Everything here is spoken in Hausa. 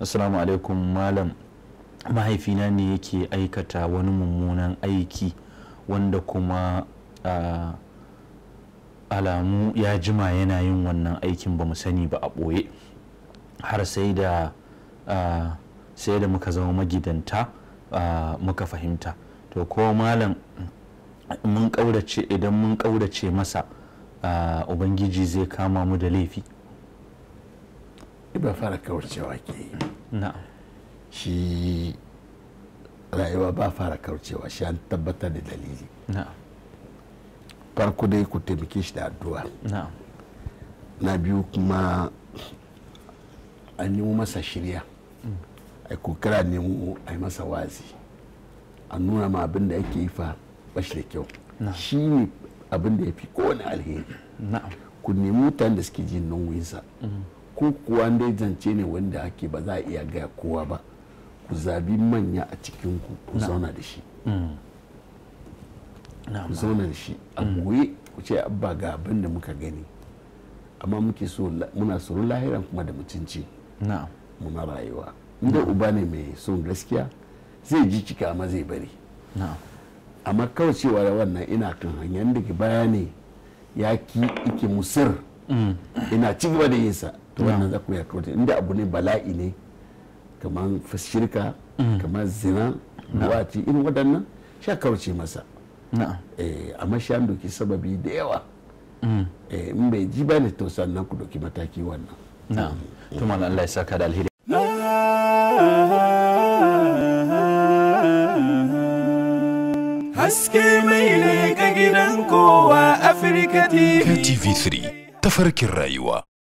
assalamu alaikum malam mahaifina ne yake aikata wani mummunan aiki wanda kuma alamu ya jima yana yin wannan aikin ba mu sani ba a ɓoye har sai da sai da muka zama magidanta muka fahimta to ko malam mun ƙaurace idan mun ƙaurace masa ubangiji zai kama mu da laifi ba fara kaucewa ke yi shi rayuwa ba fara kaucewa shi an tabbatar da dalili farko dai ku taimake shi da addu'a na biyu kuma an yi masa shirya a kokara nemo a yi masa wazi a nuna ma abin da yake yi fa bashi da kyau shi ne abin da ya fi kowane alheri ku nemi mutane da suke jin nan ko kuwa dai zance ne wanda ake ba za a iya gaya kowa ba ku zabi manya a cikin ku ku zauna da shi mm. ku zauna da shi a goye mm. ku ce abba ga abin da muka gani amma muke so muna tsoron lahiran kuma da mutunci muna rayuwa inda uba ne mai son gaskiya zai ji cika amma zai bari amma kawai cewa da wannan ina kan hanyar da ke baya ne ya ki ike musir mm. ina ci gaba da yinsa to wannan za ku ya kauce inda abu ne bala'i ne kamar fashirka mm. kamar zina waci irin waɗannan sha kawace masa eh, a mashayan doki sababi da yawa mm. eh, in bai ji ba ne to sannan ku doki mataki wannan na'am Allah ya saka da alheri haske mai ne ga gidan kowa Afirka TV. KTV3 tafarkin rayuwa.